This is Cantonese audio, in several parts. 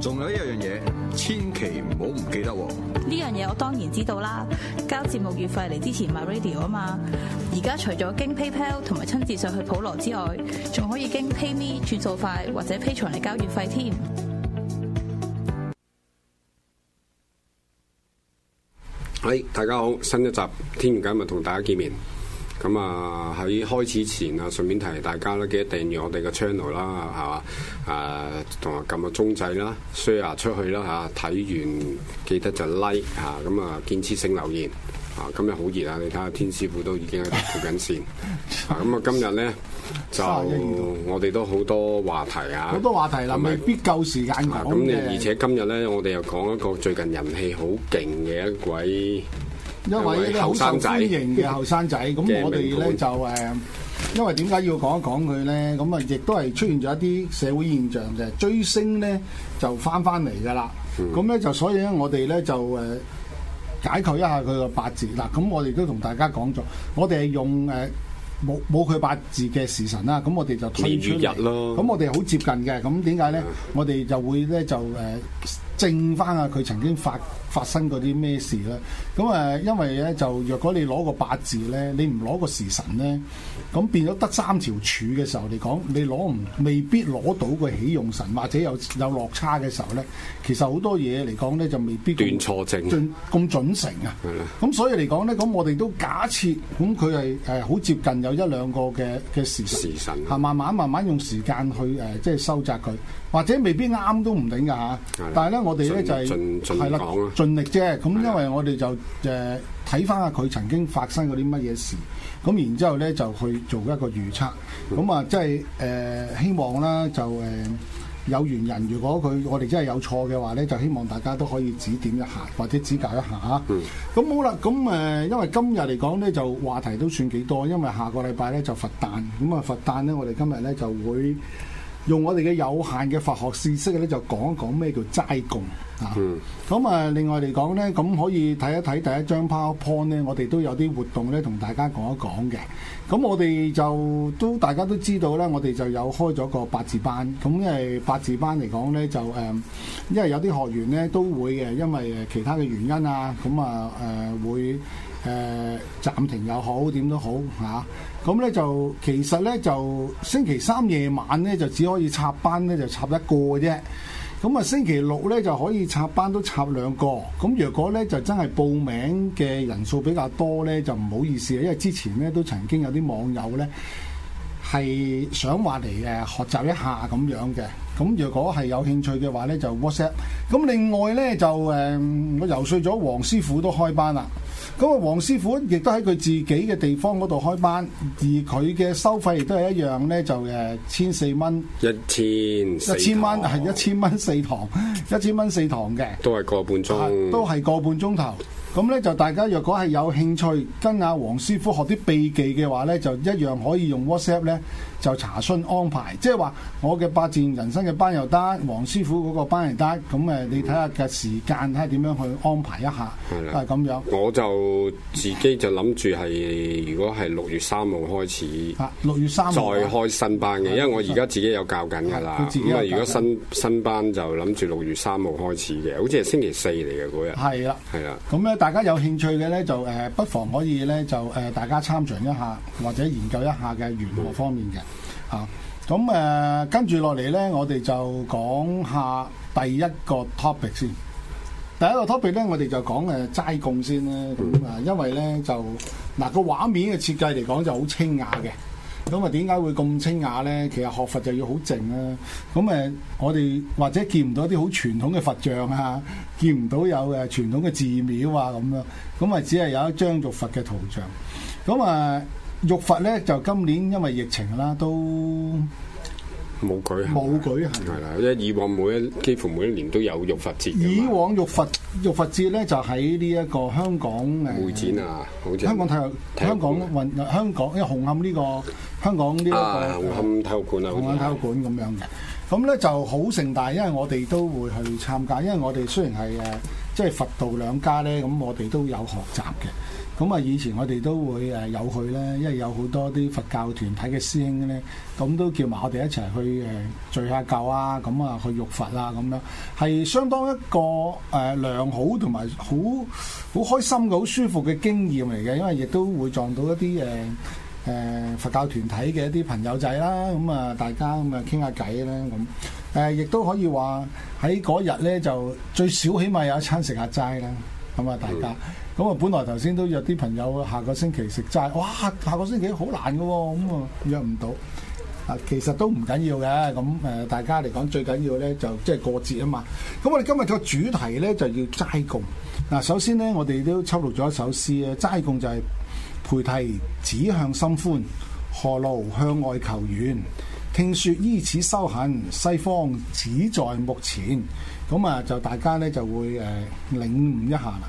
仲有一樣嘢，千祈唔好唔記得喎！呢樣嘢我當然知道啦，交節目月費嚟之前買 MyRadio 啊嘛！而家除咗經 PayPal 同埋親自上去普羅之外，仲可以經 PayMe 轉數快或者 Patreon 嚟交月費添。係，hey, 大家好，新一集天玄解密同大家見面。咁啊喺開始前啊，順便提大家啦，記得訂閱我哋嘅 channel 啦，係嘛、啊？同埋撳個鐘掣啦，share 出去啦睇、啊、完記得就 like，咁啊建設性留言，今日好熱啊，熱你睇下天師傅都已經喺度鋪緊線。咁 啊今日咧就、啊、我哋都好多話題啊，好多話題啦，是是未必夠時間咁，你、啊、而且今日咧，我哋又講一個最近人氣好勁嘅一位。因為一啲好受歡迎嘅後生仔，咁我哋咧就誒，因為點解要講一講佢咧？咁啊，亦都係出現咗一啲社會現象嘅追星咧，就翻翻嚟噶啦。咁咧就所以咧，我哋咧就誒解構一下佢個八字啦。咁我哋都同大家講咗，我哋係用誒冇冇佢八字嘅時辰啦。咁我哋就推出日咯。咁我哋好接近嘅。咁點解咧？我哋就會咧就誒。正翻啊！佢曾經發發生過啲咩事咧？咁誒，因為咧就若果你攞個八字咧，你唔攞個時辰咧，咁變咗得三條柱嘅時候嚟講，你攞唔未必攞到個喜用神，或者有有落差嘅時候咧，其實好多嘢嚟講咧就未必斷錯正咁準成啊！咁的所以嚟講咧，咁我哋都假設咁佢係誒好接近有一兩個嘅嘅時辰，係的慢慢慢慢用時間去誒、呃、即係收窄佢，或者未必啱都唔定㗎嚇。是的但係咧我哋咧就係盡係啦，盡力啫。咁因為我哋就誒睇翻下佢曾經發生過啲乜嘢事，咁然之後咧就去做一個預測。咁啊、嗯就是，即係誒希望啦，就誒、呃、有緣人，如果佢我哋真係有錯嘅話咧，就希望大家都可以指點一下或者指教一下。咁、嗯、好啦，咁誒，因為今日嚟講咧，就話題都算幾多，因為下個禮拜咧就佛誕，咁啊佛誕咧，我哋今日咧就會。用我哋嘅有限嘅法學知識咧，就講一講咩叫齋供啊！咁啊、嗯，另外嚟講咧，咁可以睇一睇第一張 PowerPoint 咧，我哋都有啲活動咧，同大家講一講嘅。咁我哋就都大家都知道咧，我哋就有開咗個八字班。咁因為八字班嚟講咧，就、呃、因為有啲學員咧都會嘅，因為其他嘅原因啊，咁啊誒會。誒、呃、暫停又好，點都好吓。咁呢、啊、就其實呢，就星期三夜晚呢，就只可以插班呢，就插一個啫。咁啊，星期六呢，就可以插班都插兩個。咁若果呢，就真係報名嘅人數比較多呢，就唔好意思。因為之前呢，都曾經有啲網友呢，係想話嚟學習一下咁樣嘅。咁若果係有興趣嘅話呢，就 WhatsApp。咁另外呢，就、呃、我游說咗黃師傅都開班啦。咁啊，黃師傅亦都喺佢自己嘅地方嗰度開班，而佢嘅收費亦都係一樣呢，就誒千四蚊。一千一千蚊係一千蚊四堂，一千蚊四堂嘅。都係個半鐘。都係個半鐘頭。咁呢，就大家若果係有興趣跟阿黃師傅學啲秘技嘅話呢，就一樣可以用 WhatsApp 呢，就查詢安排。即係話我嘅八戰人生嘅班又得，黃師傅嗰個班又得。咁誒，你睇下嘅時間，睇下點樣去安排一下。係嘅，咁樣。我就。就自己就諗住係，如果係六月三號開始，啊，六月三再開新班嘅，因為我而家自己有教緊噶啦。因為，如果新新班就諗住六月三號開始嘅，好似係星期四嚟嘅嗰日。係啦，係啦。咁咧，大家有興趣嘅咧，就誒，不妨可以咧，就誒，大家參詳一下或者研究一下嘅玄學方面嘅。的啊，咁誒，跟住落嚟咧，我哋就講下第一個 topic 先。第一個 topic 咧，我哋就講誒齋供先啦。咁啊，因為咧就嗱個畫面嘅設計嚟講就好清雅嘅。咁啊，點解會咁清雅咧？其實學佛就要好靜啊。咁誒，我哋或者見唔到一啲好傳統嘅佛像啊，見唔到有誒傳統嘅寺廟啊咁樣。咁啊，只係有一張玉佛嘅圖像。咁啊，玉佛咧就今年因為疫情啦，都冇舉行，冇舉行，係啦，因為以往每一幾乎每一年都有玉佛節嘅嘛以往玉佛玉佛節咧，就喺呢一個香港誒會展啊，好似香港體育、香港運、香港因為紅磡呢個香港呢一個紅磡體育館啊，紅磡、這個體,啊、體育館咁、啊、樣嘅。咁咧就好盛大，因為我哋都會去參加，因為我哋雖然係誒即係佛道兩家咧，咁我哋都有學習嘅。咁啊！以前我哋都會誒有去咧，因為有好多啲佛教團體嘅師兄咧，咁都叫埋我哋一齊去誒聚下舊啊，咁啊去浴佛啊，咁樣係相當一個誒良好同埋好好開心嘅、好舒服嘅經驗嚟嘅。因為亦都會撞到一啲誒誒佛教團體嘅一啲朋友仔啦，咁啊大家咁啊傾下偈啦咁誒，亦都可以話喺嗰日咧就最少起碼有一餐食下齋啦，咁啊大家。嗯。咁啊，本來頭先都約啲朋友下個星期食齋，哇！下個星期好難㗎喎，咁啊約唔到啊。其實都唔緊要嘅，咁誒大家嚟講最緊要咧就即係過節啊嘛。咁我哋今日個主題咧就要齋供啊。首先咧，我哋都抽錄咗一首詩啊。齋供就係菩提指向心歡，何勞向外求遠？聽說依此修行，西方只在目前。咁啊，就大家咧就會誒領悟一下啦。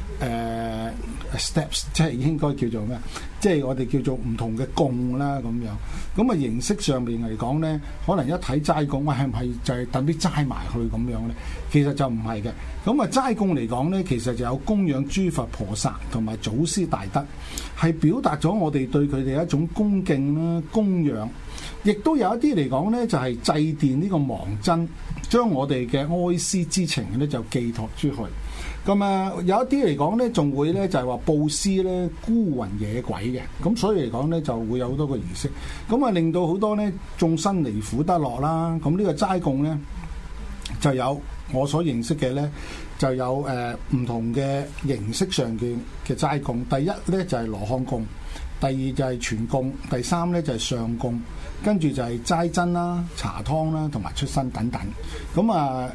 誒、uh, steps 即係應該叫做咩？即係我哋叫做唔同嘅供啦咁樣。咁啊形式上面嚟講咧，可能一睇齋供，喂係唔係就係等啲齋埋去咁樣咧？其實就唔係嘅。咁啊齋供嚟講咧，其實就有供養諸佛菩薩同埋祖師大德，係表達咗我哋對佢哋一種恭敬啦、供養。亦都有一啲嚟講咧，就係、是、祭奠呢個亡親，將我哋嘅哀思之情咧就寄託出去。咁啊，有一啲嚟講咧，仲會咧就係話布施咧，孤魂野鬼嘅，咁所以嚟講咧就會有好多個儀式，咁啊令到好多咧眾生離苦得樂啦。咁呢個齋供咧就有我所認識嘅咧就有誒唔、呃、同嘅形式上嘅嘅齋供。第一咧就係、是、羅漢供，第二就係全供，第三咧就係、是、上供，跟住就係齋僧啦、茶湯啦，同埋出身等等，咁啊。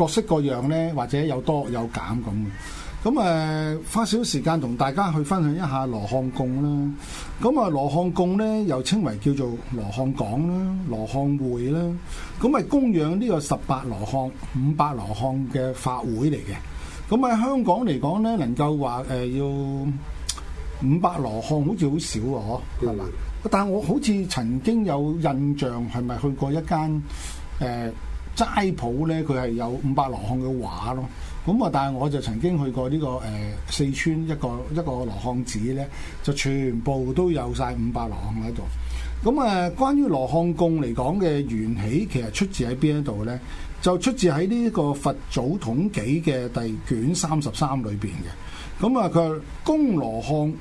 各式各樣呢，或者有多有減咁嘅，咁誒、呃、花少時間同大家去分享一下羅漢供啦。咁啊，羅漢供呢，又稱為叫做羅漢港啦、羅漢會啦。咁咪供養呢個十八羅漢、五百羅漢嘅法會嚟嘅。咁喺香港嚟講呢，能夠話誒要五百羅漢好似好少喎、啊，係嘛、嗯？但係我好似曾經有印象係咪去過一間誒，呃齋鋪咧，佢係有五百羅漢嘅畫咯。咁啊，但係我就曾經去過呢、這個誒、呃、四川一個一個羅漢寺咧，就全部都有晒五百羅漢喺度。咁、嗯、啊，關於羅漢供嚟講嘅源起，其實出自喺邊一度咧？就出自喺呢個《佛祖統紀》嘅第卷三十三裏邊嘅。咁、嗯、啊，佢話供羅漢，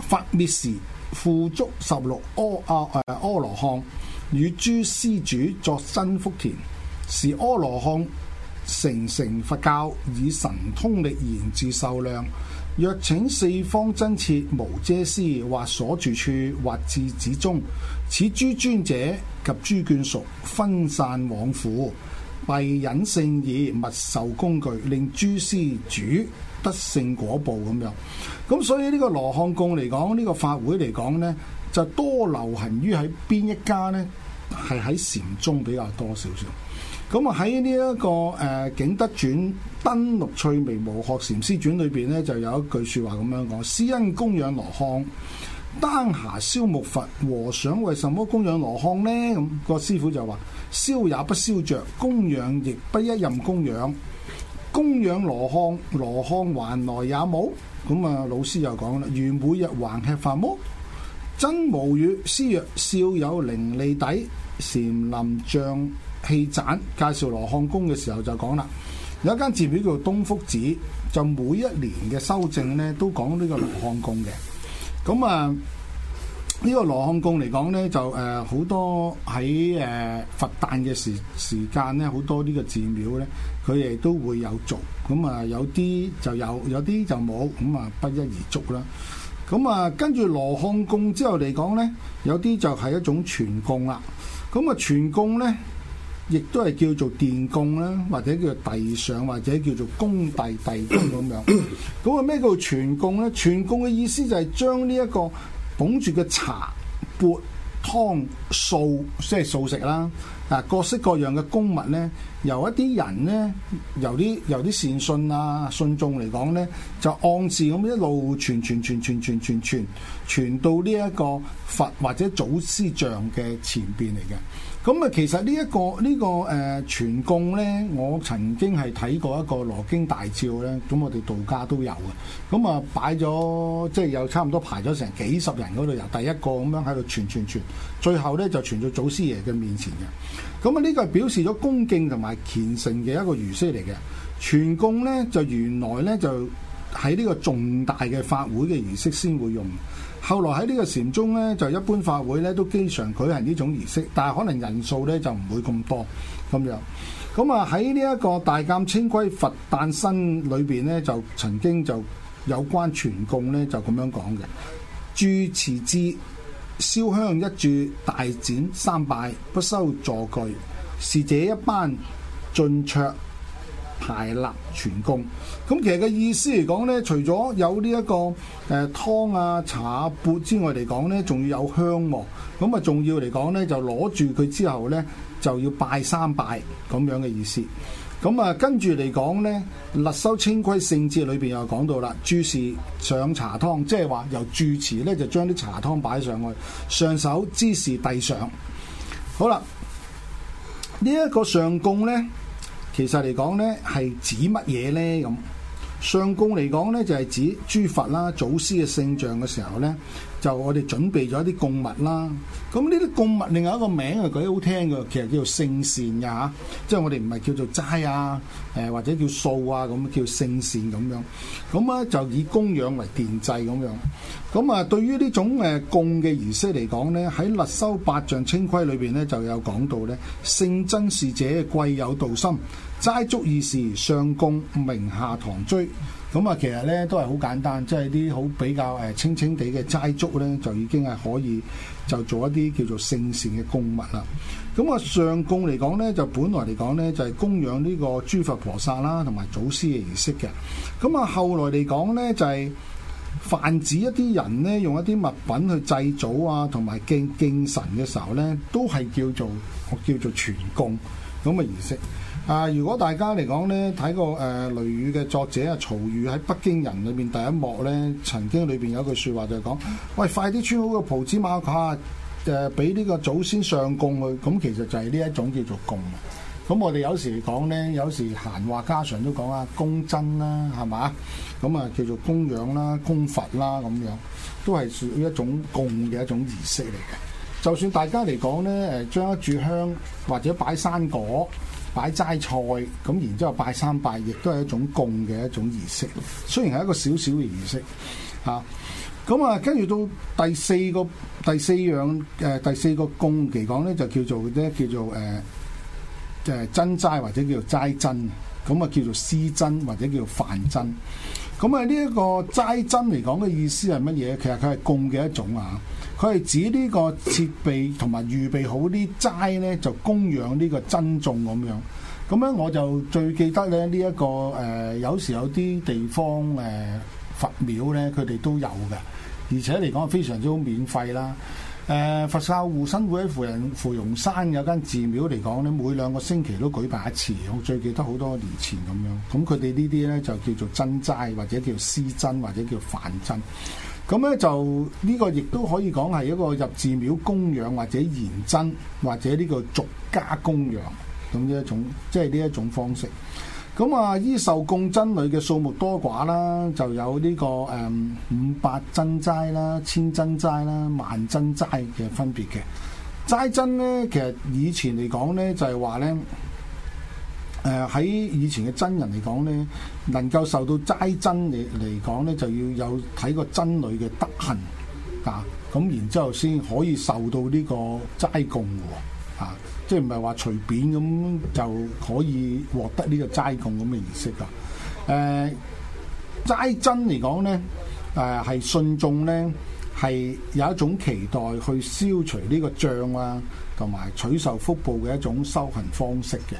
佛滅時，付囑十六阿阿誒阿羅漢，與諸施主作新福田。是阿羅漢成成佛教，以神通力延自受量。若請四方真切無遮施，或所住處，或至寺中，此諸尊者及諸眷屬，屬分散往赴，閉隱聖以勿受工具，令諸施主得勝果報咁樣。咁所以呢個羅漢供嚟講，呢、呢個法會嚟講呢就多流行於喺邊一家呢？係喺禪宗比較多少少。咁啊喺呢一個誒《景德傳》《燈錄翠微無學禪師傳》裏面呢，就有一句説話咁樣講：師恩供養羅漢，丹霞燒木佛，和尚為什麼供養羅漢呢？咁個師傅就話：燒也不燒着，供養亦不一任供養。供養羅漢，羅漢還來也冇？咁啊，老師又講啦：如每日還吃飯麼？真無語。師曰：少有靈利底禪林像。器盞介紹羅漢供嘅時候就講啦，有一間寺廟叫做東福寺，就每一年嘅修正咧都講呢個羅漢供嘅。咁啊，呢個羅漢供嚟講咧，就誒好多喺誒佛誕嘅時時間咧，好多呢個寺廟咧，佢哋都會有做。咁啊，有啲就有，有啲就冇，咁啊不一而足啦。咁啊，跟住羅漢供之後嚟講咧，有啲就係一種全供啦。咁啊，全供咧。亦都係叫做電供啦，或者叫做地上，或者叫做工地、地供咁樣。咁啊，咩叫傳供咧？傳供嘅意思就係將呢一個捧住嘅茶、缽、湯、素，即係素食啦，各式各樣嘅供物咧，由一啲人咧，由啲由啲善信啊、信眾嚟講咧，就按時咁一路傳傳傳傳傳傳傳傳到呢一個佛或者祖師像嘅前面嚟嘅。咁啊，其實呢、呢、一個呢、呢個誒傳供呢，我曾經係睇過一個羅天大醮呢。咁我哋道家都有嘅。咁啊，擺咗即係有差唔多排咗成幾十人嗰度，由第一個咁樣喺度傳傳傳，最後呢就傳到祖師爺嘅面前嘅。咁啊，呢個係表示咗恭敬同埋虔誠嘅一個儀式嚟嘅。傳供呢，就原來呢，就喺呢個重大嘅法會嘅儀式先會用。後來喺呢個禪宗呢，就一般法會呢都經常舉行呢種儀式，但係可能人數呢就唔會咁多咁樣。咁啊喺呢一個大鑑清規佛誕生裏邊呢，就曾經就有關傳供呢，就咁樣講嘅，住持之燒香一炷，大展三拜，不收座具，是這一班進卓。排立全供，咁其實嘅意思嚟講呢，除咗有呢一個誒湯啊、茶啊、缽之外嚟講呢仲要有香喎。咁啊，仲要嚟講呢就攞住佢之後呢，就要拜三拜咁樣嘅意思。咁啊，跟住嚟講呢《立修清規聖制》裏邊又講到啦，諸事上茶湯，即係話由住持呢，就將啲茶湯擺上去，上手知事遞上。好啦，呢、這、一個上供呢。其實嚟講咧，係指乜嘢咧咁？上供嚟講咧，就係指諸佛啦、祖師嘅聖像嘅時候咧，就我哋準備咗一啲供物啦。咁呢啲供物，另外一個名係舉得好聽嘅，其實叫做聖善啊吓，即係我哋唔係叫做齋啊，誒或者叫素啊咁，叫聖善咁樣。咁咧就以供養為奠祭咁樣。咁啊，對於呢種誒供嘅儀式嚟講咧，喺《立修八丈清規》裏面咧就有講到咧，聖真是者貴有道心。齋足已時，上供名下堂追咁啊。其實咧都係好簡單，即係啲好比較誒清清地嘅齋足咧，就已經係可以就做一啲叫做聖善嘅供物啦。咁啊，上供嚟講咧，就本來嚟講咧就係供養呢個諸佛菩薩啦，同埋祖師嘅儀式嘅。咁啊，後來嚟講咧就係、是、泛指一啲人咧用一啲物品去祭祖啊，同埋敬敬神嘅時候咧，都係叫做我叫做全供咁嘅儀式。啊！如果大家嚟講呢睇過誒《雷雨》嘅作者啊曹禺喺《北京人》裏面第一幕呢曾經裏面有句說話就係講：喂，快啲穿好個袍子、馬、啊、褂，誒、呃，俾呢個祖先上供佢。咁其實就係呢一種叫做供。咁我哋有時嚟講呢有時閒話家常都講啊，供僧啦，係嘛？咁啊，叫做供養啦、供佛啦，咁樣都係屬於一種供嘅一種儀式嚟嘅。就算大家嚟講呢將一炷香或者擺生果。擺齋菜咁，然之後拜三拜，亦都係一種供嘅一種儀式。雖然係一個小小嘅儀式，嚇咁啊，跟、啊、住到第四個第四樣誒、呃、第四個供嚟講咧，就叫做咧叫做誒誒、呃呃、真齋或者叫做齋真，咁啊叫做私真或者叫做泛真。咁啊呢一、呢個齋真嚟講嘅意思係乜嘢？其實佢係供嘅一種啊。佢係指呢個設備同埋預備好啲齋呢，就供養呢個僧眾咁樣。咁樣我就最記得咧，呢、這、一個誒、呃、有時候有啲地方誒、呃、佛廟呢，佢哋都有嘅，而且嚟講係非常之好，免費啦。誒、呃、佛教護生會喺芙蓉芙蓉山有間寺廟嚟講咧，每兩個星期都舉辦一次。我最記得好多年前咁樣。咁佢哋呢啲呢，就叫做僧齋，或者叫施僧，或者叫飯僧。咁咧就呢個亦都可以講係一個入寺廟供養或者延僧或者呢個俗家供養咁呢一種，即係呢一種方式。咁啊，依受供僧侶嘅數目多寡啦，就有呢個誒五百僧齋啦、千僧齋啦、萬僧齋嘅分別嘅。齋僧咧，其實以前嚟講咧，就係話咧。誒喺、呃、以前嘅僧人嚟講咧，能夠受到齋僧嚟嚟講咧，就要有睇個僧侶嘅德行，啊，咁然後之後先可以受到呢個齋供喎，啊，即係唔係話隨便咁就可以獲得呢個齋供咁嘅儀式㗎。誒、啊、齋僧嚟講咧，誒、啊、係信眾咧。係有一種期待去消除呢個障啦、啊，同埋取受福報嘅一種修行方式嘅。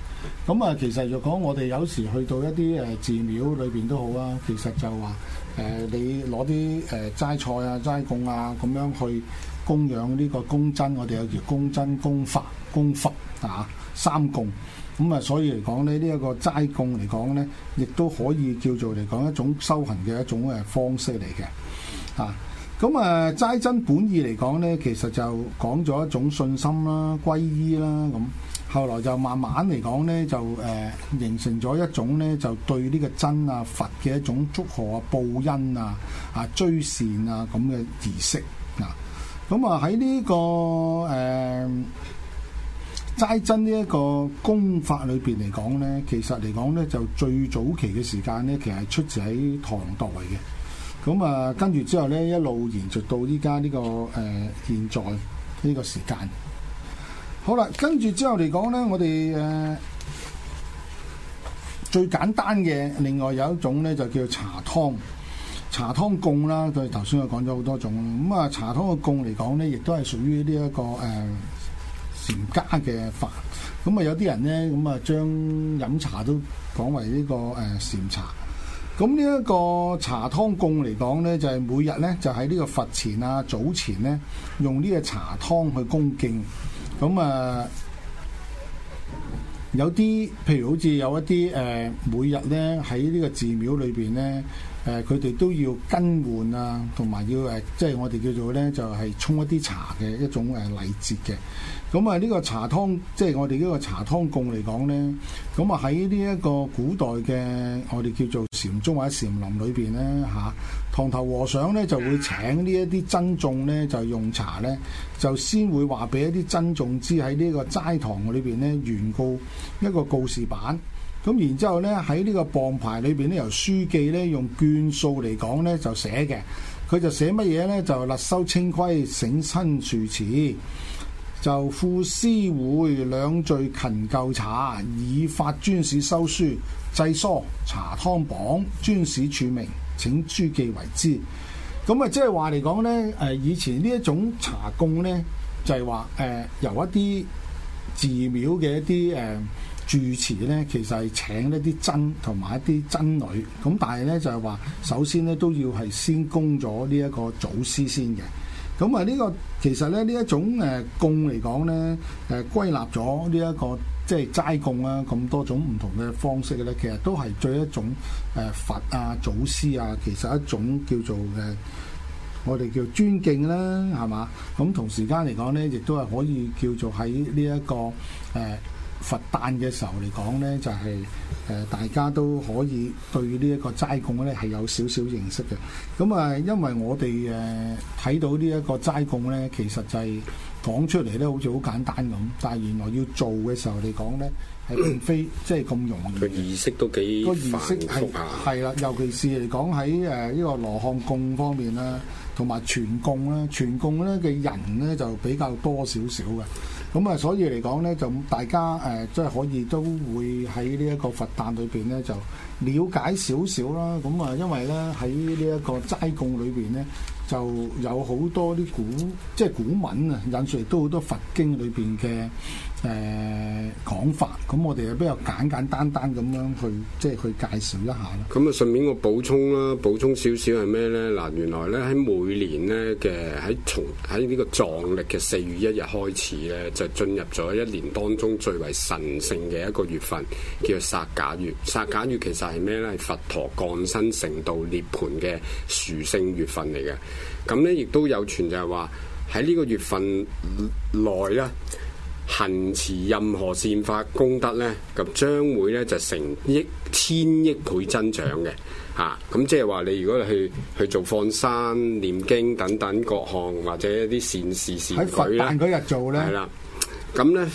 咁啊，其實如果我哋有時去到一啲誒寺廟裏邊都好啊。其實就話誒、呃，你攞啲誒齋菜啊、齋供啊咁樣去供養呢個供僧，我哋有叫供僧、供法、供佛啊三供。咁啊，所以嚟講呢，呢、這、一個齋供嚟講呢，亦都可以叫做嚟講一種修行嘅一種誒方式嚟嘅啊。咁啊齋真本意嚟講呢，其實就講咗一種信心啦、皈依啦，咁。後來就慢慢嚟講呢，就誒、呃、形成咗一種呢，就對呢個真啊佛嘅一種祝賀啊、報恩啊、啊追善啊咁嘅儀式、啊。嗱、這個，咁啊喺呢個誒齋真呢一個功法裏邊嚟講呢，其實嚟講呢，就最早期嘅時間呢，其實係出自喺唐代嘅。咁啊、嗯，跟住之後呢，一路延續到依家呢個誒現在呢、這個呃、個時間。好啦，跟住之後嚟講呢，我哋誒、呃、最簡單嘅，另外有一種呢，就叫茶湯，茶湯供啦。佢頭先我講咗好多種，咁、嗯、啊茶湯嘅供嚟講呢，亦都係屬於呢、這、一個誒、呃、禪家嘅法。咁、嗯、啊有啲人呢，咁、嗯、啊將飲茶都講為呢、這個誒、呃、禪茶。咁呢一個茶湯供嚟講呢，就係每日呢，就喺呢個佛前啊、早前呢，用呢個茶湯去供敬。咁啊，有啲譬如好似有一啲、呃、每日呢，喺呢個寺廟裏邊呢，呃，佢哋都要更換啊，同埋要誒，即係我哋叫做呢，就係沖一啲茶嘅一種誒禮節嘅。咁啊，呢個茶湯即係、就是、我哋呢個茶湯供嚟講呢，咁啊喺呢一個古代嘅我哋叫做禪宗或者禪林裏邊呢，嚇，堂頭和尚呢就會請呢一啲僧眾呢，就用茶呢，就先會話俾一啲僧眾知喺呢個齋堂裏面呢，原告一個告示板，咁然之後呢，喺呢個榜牌裏面呢，由書記呢，用眷數嚟講呢，就寫嘅，佢就寫乜嘢呢？就立修清規，省身樹慈。就副司會兩聚勤舊茶，以法專使收書，製疏茶湯榜，專使署名，請諸記為之。咁啊，即係話嚟講呢，誒以前呢一種茶供呢，就係話誒由一啲寺廟嘅一啲誒、呃、住持呢，其實係請一啲僧同埋一啲僧女。咁但係呢，就係、是、話首先呢，都要係先供咗呢一個祖師先嘅。咁、這個呃呃這個、啊，呢個其實咧，呢一種誒供嚟講咧，誒歸納咗呢一個即係齋供啊，咁多種唔同嘅方式嘅咧，其實都係對一種誒、呃、佛啊、祖師啊，其實一種叫做誒、呃、我哋叫尊敬啦，係嘛？咁同時間嚟講咧，亦都係可以叫做喺呢一個誒。呃佛誕嘅時候嚟講咧，就係誒大家都可以對呢一個齋供咧係有少少認識嘅。咁啊，因為我哋誒睇到呢一個齋供咧，其實就係講出嚟咧好似好簡單咁，但係原來要做嘅時候嚟講咧，係並非即係咁容易。個儀式都幾繁複下。係啦，啊，尤其是嚟講喺誒呢個羅漢供方面啦。同埋全供呢，全供咧嘅人咧就比較多少少嘅，咁啊所以嚟講咧就大家誒即係可以都會喺呢一個佛誕裏面咧就了解少少啦，咁啊因為咧喺呢一個齋供裏面咧就有好多啲古即係、就是、古文啊，引述嚟都好多佛經裏面嘅。誒、呃、講法咁，我哋又比較簡簡單單咁樣去，即係去介紹一下啦。咁啊，順便我補充啦，補充少少係咩呢？嗱，原來呢，喺每年呢嘅喺從喺呢個藏曆嘅四月一日開始呢，就進入咗一年當中最為神聖嘅一個月份，叫做殺假月。殺假月其實係咩呢？係佛陀降生成道涅盤嘅殊勝月份嚟嘅。咁呢，亦都有傳就係話喺呢個月份內呢。行持任何善法功德咧，咁將會咧就成億千億倍增長嘅吓。咁、啊、即係話你如果去去做放生、念經等等各項或者一啲善事善舉佛誕日做咧，係啦。咁咧。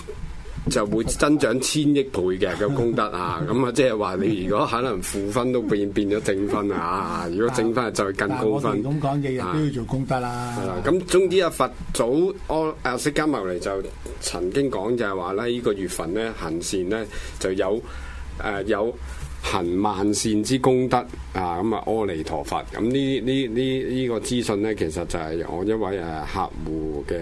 就會增長千億倍嘅個功德 啊！咁啊，即係話你如果可能負分都變變咗正分啊！如果正分就更高分。咁講嘢都要做功德啦。係啦。咁總之阿佛祖阿釋迦牟尼就曾經講，就係話咧，依、呢個月份咧行善咧就有誒、呃、有。行萬善之功德啊！咁啊，阿彌陀佛。咁呢呢呢呢個資訊咧，其實就係我一位誒客戶嘅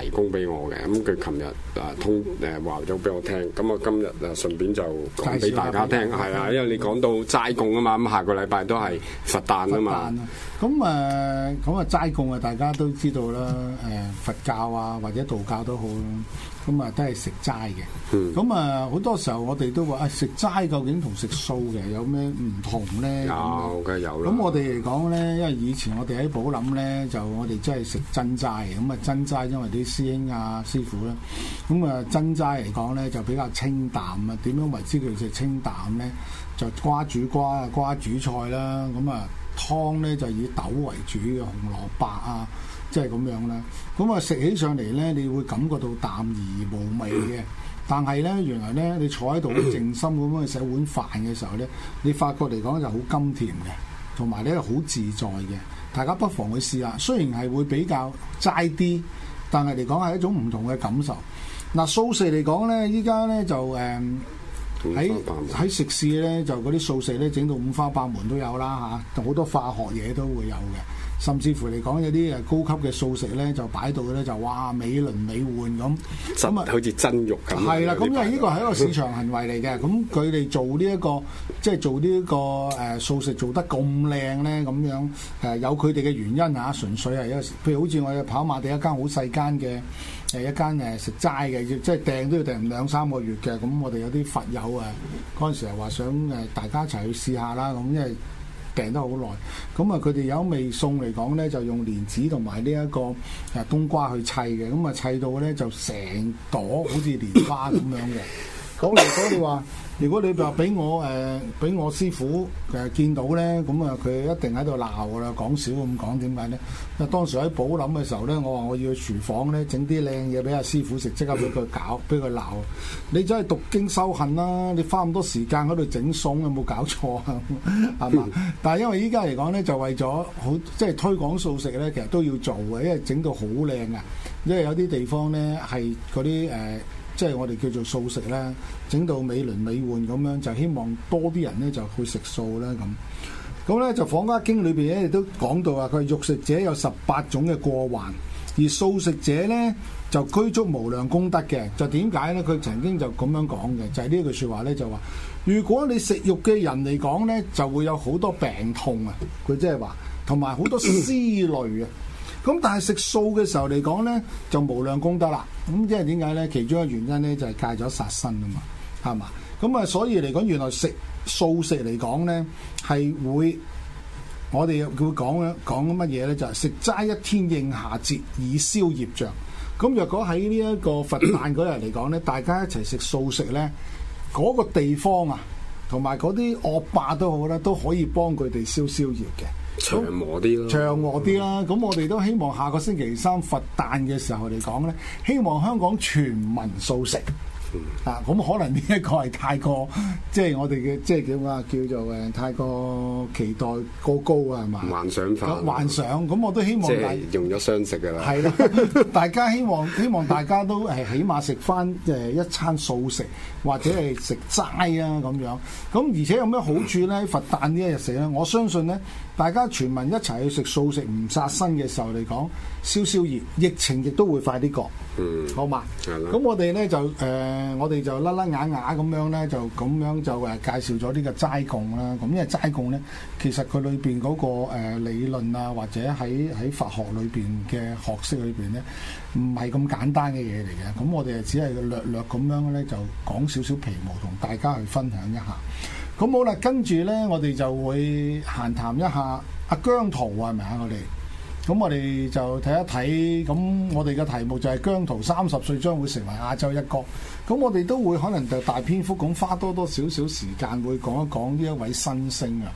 提供俾我嘅。咁佢琴日啊通誒話咗俾我聽，咁啊今日啊順便就講俾大家聽，係啦、啊，因為你講到齋供啊嘛，咁下個禮拜都係佛誕啊嘛。咁誒，講話齋供啊，大家都知道啦。誒、呃，佛教啊，或者道教都好啦。咁啊，都係食齋嘅。咁啊、嗯，好多時候我哋都話啊，食齋究竟同食素嘅有咩唔同咧？有嘅有啦。咁我哋嚟講咧，因為以前我哋喺寶林咧，就我哋真係食真齋嘅。咁啊，真齋因為啲師兄啊、師傅啦，咁啊，真齋嚟講咧就比較清淡啊。點樣為之佢食清淡咧？就瓜煮瓜啊，瓜煮菜啦。咁啊，湯咧就以豆為主嘅，紅蘿蔔啊。即係咁樣啦，咁啊食起上嚟呢，你會感覺到淡而無味嘅。但係呢，原來呢，你坐喺度靜心咁樣去食碗飯嘅時候呢，你發覺嚟講就好甘甜嘅，同埋呢好自在嘅。大家不妨去試下，雖然係會比較齋啲，但係嚟講係一種唔同嘅感受。嗱、啊，素食嚟講呢，依家呢，就誒喺喺食肆呢，就嗰啲素食呢，整到五花八門都有啦嚇，好多化學嘢都會有嘅。甚至乎嚟講有啲誒高級嘅素食咧，就擺到咧就哇美輪美奐咁，咁實就啊好似真肉咁。係啦的，咁因為呢個係一個市場行為嚟嘅，咁佢哋做呢、這、一個即係、就是、做呢、這、一個誒、呃、素食做得咁靚咧，咁樣、呃、有佢哋嘅原因啊，純粹係有時，譬如好似我哋跑馬地一間好細間嘅誒一間誒食齋嘅，即係訂都要訂兩三個月嘅，咁我哋有啲佛友啊嗰陣時話想誒大家一齊去試下啦，咁因為、就是訂得好耐，咁啊佢哋有味餸嚟講咧，就用蓮子同埋呢一個誒冬瓜去砌嘅，咁啊砌到咧就成朵好似蓮花咁樣嘅。講嚟講，你 話。說如果你話俾我誒俾、呃、我師傅誒、呃、見到咧，咁啊佢一定喺度鬧噶啦，講少咁講，點解咧？因為當時喺寶林嘅時候咧，我話我要去廚房咧整啲靚嘢俾阿師傅食，即刻俾佢搞，俾佢鬧。你真係讀經修行啦、啊！你花咁多時間喺度整餸，有冇搞錯啊？係嘛？ 但係因為依家嚟講咧，就為咗好即係推廣素食咧，其實都要做嘅，因為整到好靚嘅，因為有啲地方咧係嗰啲誒。即係我哋叫做素食啦，整到美輪美奐咁樣，就希望多啲人呢就去食素啦咁。咁呢，就《房家經》裏邊咧都講到啊，佢肉食者有十八種嘅過患，而素食者呢，就具足無量功德嘅。就點解呢？佢曾經就咁樣講嘅，就係、是、呢句說話呢，就話如果你食肉嘅人嚟講呢，就會有好多病痛啊！佢即係話，同埋好多思慮啊！ 咁但係食素嘅時候嚟講呢，就無量功德啦。咁即係點解呢？其中一個原因呢，就係、是、戒咗殺生啊嘛，係嘛？咁啊，所以嚟講，原來食素食嚟講呢，係會我哋會講講乜嘢呢？就係、是、食齋一天應下節以消業障。咁若果喺呢一個佛誕嗰日嚟講呢， 大家一齊食素食呢，嗰、那個地方啊，同埋嗰啲惡霸都好啦，都可以幫佢哋消消業嘅。祥和啲啦，祥和啲啦。咁我哋都希望下個星期三佛誕嘅時候嚟講呢，希望香港全民素食。嗯嗯、啊，咁可能呢一個係太過，即係我哋嘅，即係點啊，叫做誒太過期待過高，高想啊，係嘛？幻想化，幻想咁，我都希望係用咗雙食噶啦。係啦的， 大家希望希望大家都誒起碼食翻誒一餐素食，或者係食齋啊咁樣。咁而且有咩好處咧？佛誕呢一日食咧，我相信咧，大家全民一齊去食素食唔殺生嘅時候嚟講，消消熱，疫情亦都會快啲過，好嘛？咁我哋呢就誒、呃，我哋就甩甩眼眼咁樣呢就咁樣就誒介紹咗呢個齋供啦。咁因為齋供呢，其實佢裏邊嗰個、呃、理論啊，或者喺喺佛學裏邊嘅學識裏邊呢，唔係咁簡單嘅嘢嚟嘅。咁我哋誒只係略略咁樣呢，就講少少皮毛，同大家去分享一下。咁好啦，跟住呢，我哋就會閒談一下阿姜濤係咪啊？我哋咁我哋就睇一睇，咁我哋嘅題目就係姜濤三十歲將會成為亞洲一哥，咁我哋都會可能就大篇幅咁花多多少少時間，會講一講呢一位新星係啊。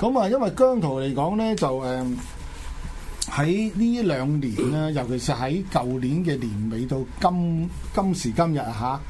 咁啊，因為姜濤嚟講呢，就喺呢兩年啦，尤其是喺舊年嘅年尾到今今時今日嚇，阿、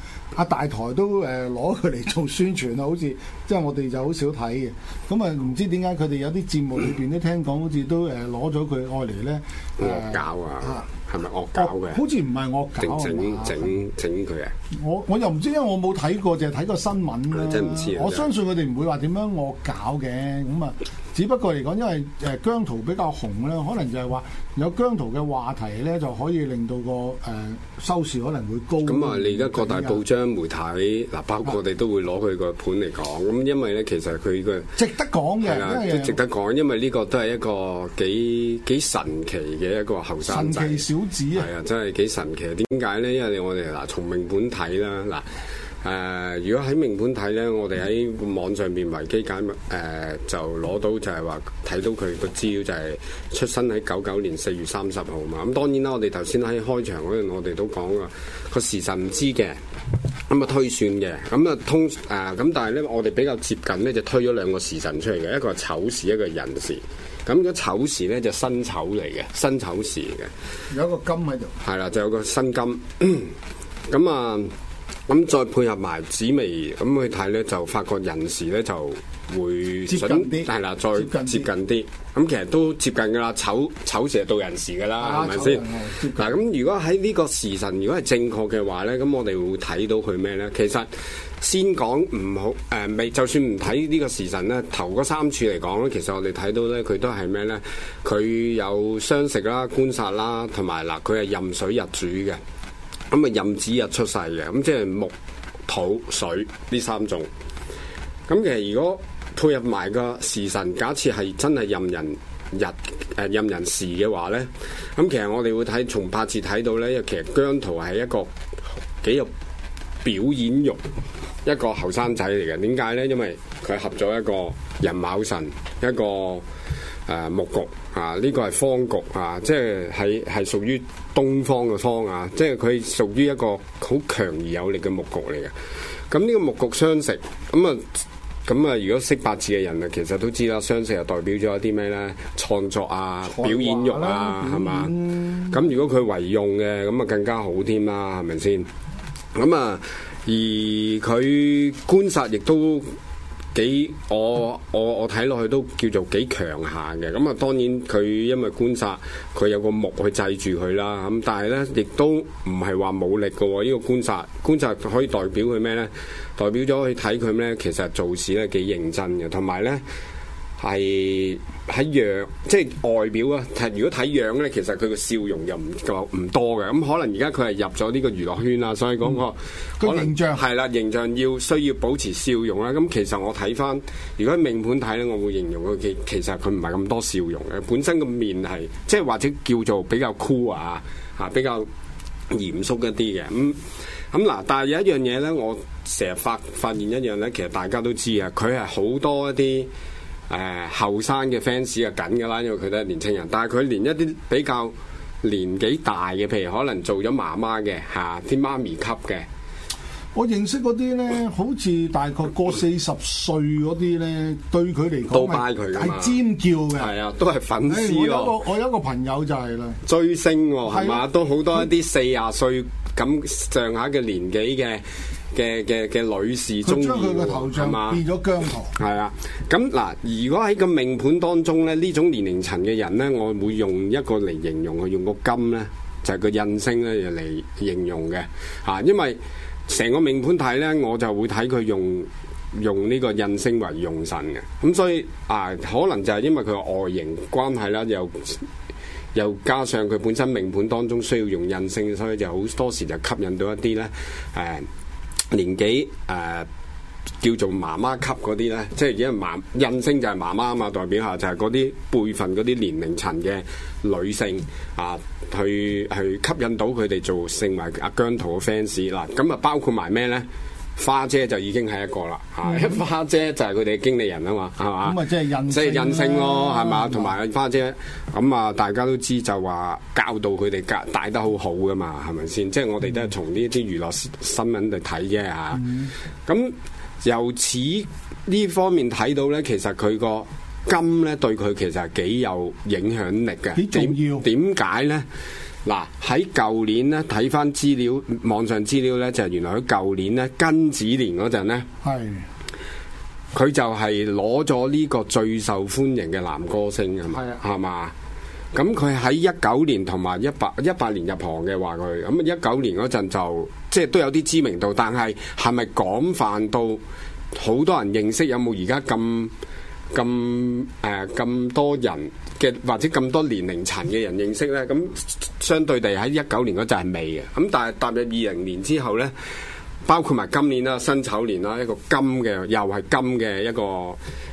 啊、大台都誒攞佢嚟做宣傳啊，好似～即係我哋就好少睇嘅，咁啊唔知點解佢哋有啲節目裏邊咧聽講好似都誒攞咗佢愛嚟咧惡搞啊，係咪、呃、惡搞嘅、呃？好似唔係惡搞整整整佢啊！我我又唔知，因為我冇睇過，淨係睇過新聞啦、啊。啊、我相信佢哋唔會話點樣惡搞嘅，咁啊，只不過嚟講，因為誒姜濤比較紅啦，可能就係話。有姜濤嘅話題咧，就可以令到個誒、呃、收視可能會高點點。咁啊！你而家各大報章媒體嗱，包括我哋都會攞佢個盤嚟講。咁因為咧，其實佢個值得講嘅，值得講。因為呢因為個都係一個幾幾神奇嘅一個後生仔。神奇小子啊！係啊，真係幾神奇。點解咧？因為我哋嗱，從名本睇啦嗱。誒、呃，如果喺名盤睇咧，我哋喺網上面維基簡，誒、呃、就攞到就係話睇到佢個資料就係出生喺九九年四月三十號嘛。咁、嗯、當然啦，我哋頭先喺開場嗰陣，我哋都講個個時辰唔知嘅，咁、嗯、啊推算嘅。咁、嗯、啊通咁、呃，但係咧我哋比較接近咧，就推咗兩個時辰出嚟嘅，一個係丑時，一個係寅時。咁個丑時咧就係、辛丑嚟嘅，辛丑時嘅。有一個金喺度。係啦，就有個辛金。咁啊。嗯嗯嗯咁再配合埋紫微，咁去睇咧，就發覺人事咧就會接近啲，係啦的，再接近啲。咁其實都接近噶啦，丑丑蛇到人事噶啦，係咪先？嗱吧，咁如果喺呢個時辰，如果係正確嘅話咧，咁我哋會睇到佢咩咧？其實先講唔好未、呃、就算唔睇呢個時辰咧，頭嗰三處嚟講咧，其實我哋睇到咧，佢都係咩咧？佢有傷食啦、官殺啦，同埋嗱，佢係壬水日主嘅。咁啊壬子日出世嘅，咁即係木土水呢三種。咁其實如果配合埋個時辰，假設係真係壬人日誒壬人時嘅話咧，咁其實我哋會睇從八字睇到咧，其實姜濤係一個幾有表演欲一個後生仔嚟嘅。點解咧？因為佢合咗一個人卯神一個。誒、呃，木局啊，呢、這個係方局啊，即係喺係屬於東方嘅方啊，即係佢屬於一個好強而有力嘅木局嚟嘅。咁、啊、呢、這個木局傷食，咁啊，咁啊，啊，啊，如果識八字嘅人啊，其實都知啦，傷食係代表咗一啲咩咧？創作啊，表演欲啊，係嘛？咁如果佢為用嘅，咁啊更加好添啦，係咪先？咁啊，而佢官殺亦都。幾我我我睇落去都叫做幾強悍嘅，咁啊當然佢因為官殺，佢有個木去制住佢啦，咁但係呢，亦都唔係話冇力㗎喎，呢個官殺官殺可以代表佢咩呢？代表咗去睇佢呢，其實做事呢幾認真嘅，同埋呢。係喺樣，即係外表啊！如果睇樣咧，其實佢個笑容又唔夠唔多嘅。咁可能而家佢係入咗呢個娛樂圈啦，所以嗰、嗰個個、嗯、可能形象係啦，形象要需要保持笑容啦。咁其實我睇翻，如果喺命盤睇咧，我會形容佢其其實佢唔係咁多笑容嘅。本身個面係即係或者叫做比較酷啊，吓比較嚴肅一啲嘅。咁咁嗱，但係有一樣嘢咧，我成日發發現一樣咧，其實大家都知啊，佢係好多一啲。誒後生嘅 fans 就緊㗎啦，因為佢都係年青人，但係佢連一啲比較年紀大嘅，譬如可能做咗媽媽嘅嚇，啲、啊、媽咪級嘅，我認識嗰啲咧，好似大概過四十歲嗰啲咧， 對佢嚟講，都拜佢嘅，係尖叫嘅，係啊，都係粉絲喎、啊啊。我有一個我有一個朋友就係、是、啦，追星喎、啊，係嘛、啊，都好多一啲四十歲咁上下嘅年紀嘅。 嘅嘅嘅女士中意，佢將個頭像變咗姜濤。係啊，咁嗱，如果喺個命盤當中咧，呢種年齡層嘅人咧，我會用一個嚟形容佢，用個金咧，就係、是、個印星咧嚟形容嘅。嚇、啊，因為成個命盤睇咧，我就會睇佢用用呢個印星為用神嘅。咁所以啊，可能就係因為佢外形關係啦，又又加上佢本身命盤當中需要用印星，所以就好多時就吸引到一啲咧，誒、啊。年紀誒、呃、叫做媽媽級嗰啲咧，即係已經媽，印星就係媽媽啊嘛，代表下就係嗰啲輩份嗰啲年齡層嘅女性啊、呃，去去吸引到佢哋做成為阿姜濤嘅 fans 啦，咁啊包括埋咩咧？花姐就已經係一個啦，嚇、mm！Hmm. 花姐就係佢哋經理人啊嘛，係嘛？咁啊，即係印星，即係印星咯，係嘛吧？同埋花姐，咁、嗯、啊，大家都知就話教導佢哋教帶得好好噶嘛，係咪先？即係、mm hmm. 我哋都係從呢啲娛樂新聞嚟睇啫嚇。咁、mm hmm. 由此呢方面睇到咧，其實佢個金咧對佢其實係幾有影響力嘅，幾重要。點解咧？嗱，喺舊年咧睇返資料，網上資料呢，就係、原來喺舊年呢，庚子年嗰陣咧，佢是的 就係攞咗呢個最受歡迎嘅男歌星，係嘛，係嘛？咁佢喺一九年同埋一八一八年入行嘅話，佢咁一九年嗰陣就即係都有啲知名度，但係係咪廣泛到好多人認識？有冇而家咁？咁咁、呃、多人嘅或者咁多年齡層嘅人認識呢，咁相對地喺一九年嗰陣係未嘅。咁但係踏入二零年之後呢，包括埋今年啦，新丑年啦，一個金嘅又係金嘅一個、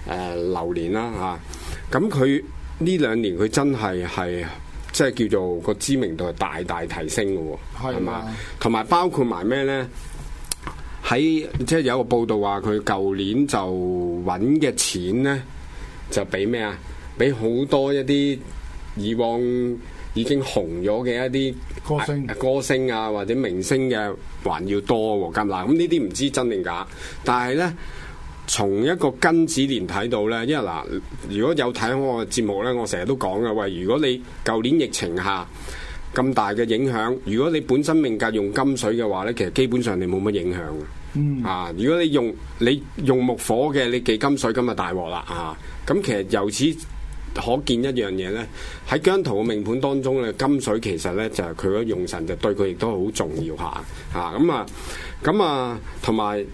呃、流年啦，咁佢呢兩年佢真係係即係叫做個知名度係大大提升嘅喎、哦，嘛的？同埋包括埋咩呢？喺即係有個報道話，佢舊年就揾嘅錢呢，就俾咩啊？俾好多一啲以往已經紅咗嘅一啲歌星、啊、歌星啊，或者明星嘅還要多㗎嗱，咁呢啲唔知真定假，但係呢，從一個庚子年睇到呢，因為嗱，如果有睇我嘅節目呢，我成日都講嘅喂，如果你舊年疫情下咁大嘅影響，如果你本身命格用金水嘅話呢，其實基本上你冇乜影響。嗯，啊！如果你用你用木火嘅，你忌金水金，咁啊大鑊啦，咁、啊、其實由此可見一樣嘢咧，喺姜濤嘅命盤當中咧，金水其實咧就係、是、佢用神，就對佢亦都好重要下，吓咁啊，咁啊，同埋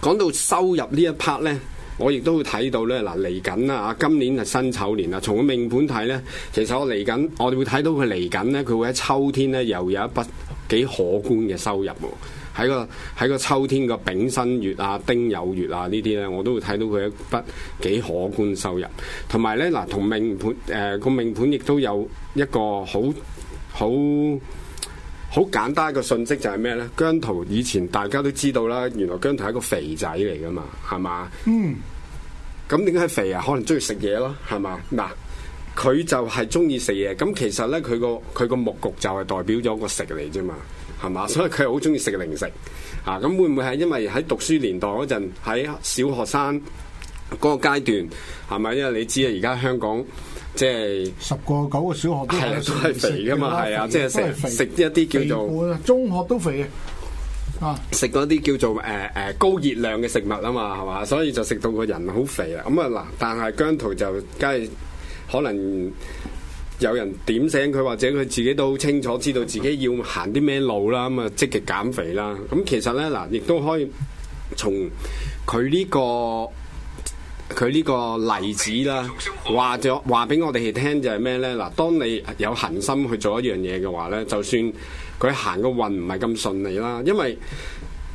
講到收入這一呢一 part 咧，我亦都會睇到咧，嗱嚟緊啦，啊，今年係辛丑年啦，從個命盤睇咧，其實我嚟緊，我哋會睇到佢嚟緊咧，佢會喺秋天咧又有一筆幾可觀嘅收入。喺個喺個秋天嘅丙申月啊、丁酉月啊呢啲咧，我都會睇到佢一筆幾可觀收入。同埋咧嗱，同命盤誒個命盤亦都有一個好好好簡單嘅訊息，就係咩咧？姜濤以前大家都知道啦，原來姜濤係一個肥仔嚟噶嘛，係嘛？嗯。咁點解肥啊？可能中意食嘢咯，係嘛？嗱，佢就係中意食嘢。咁其實咧，佢個佢個木局就係代表咗個食嚟啫嘛。係嘛，所以佢好中意食零食嚇。咁、啊、會唔會係因為喺讀書年代嗰陣，喺小學生嗰個階段係咪？因為你知啊，而家香港即係十個九個小學都係、啊、都係肥噶嘛，係啊，即係食食一啲叫做中學都肥的啊，食嗰啲叫做誒誒、呃呃、高熱量嘅食物啊嘛，係嘛，所以就食到個人好肥啊。咁啊嗱，但係姜濤就梗係可能。有人點醒佢，或者佢自己都好清楚，知道自己要行啲咩路啦，咁啊積極減肥啦。咁其實呢，嗱，亦都可以從佢呢個佢呢個例子啦，話咗話俾我哋聽就係咩呢？嗱，當你有恒心去做一樣嘢嘅話呢，就算佢行個運唔係咁順利啦，因為。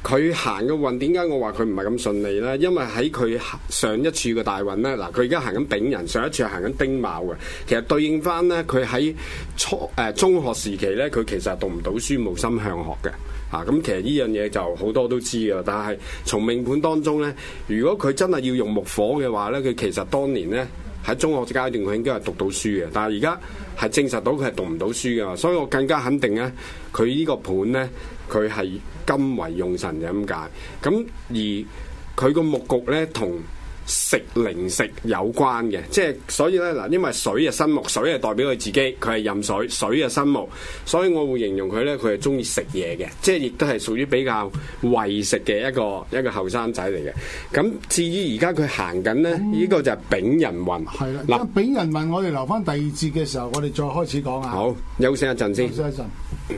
佢行嘅運點解我話佢唔係咁順利呢？因為喺佢上一次嘅大運呢，嗱佢而家行緊丙寅，上一次係行緊丁卯嘅。其實對應翻呢，佢喺初、呃、中學時期呢，佢其實讀唔到書，冇心向學嘅。啊，咁其實呢樣嘢就好多都知嘅喇。但係從命盤當中呢，如果佢真係要用木火嘅話呢，佢其實當年呢喺中學階段佢應該係讀到書嘅。但係而家係證實到佢係讀唔到書嘅，所以我更加肯定呢，佢呢個盤呢。佢係金為用神就咁解，咁而佢個木局咧同食零食有關嘅，即係所以咧嗱，因為水係生木，水係代表佢自己，佢係任水，水係生木，所以我會形容佢咧，佢係中意食嘢嘅，即係亦都係屬於比較為食嘅一個一個後生仔嚟嘅。咁至於而家佢行緊咧，呢、嗯、個就係丙人運，係啦的。嗱了，丙人運我哋留翻第二節嘅時候，我哋再開始講啊。好，休息一陣先。休息一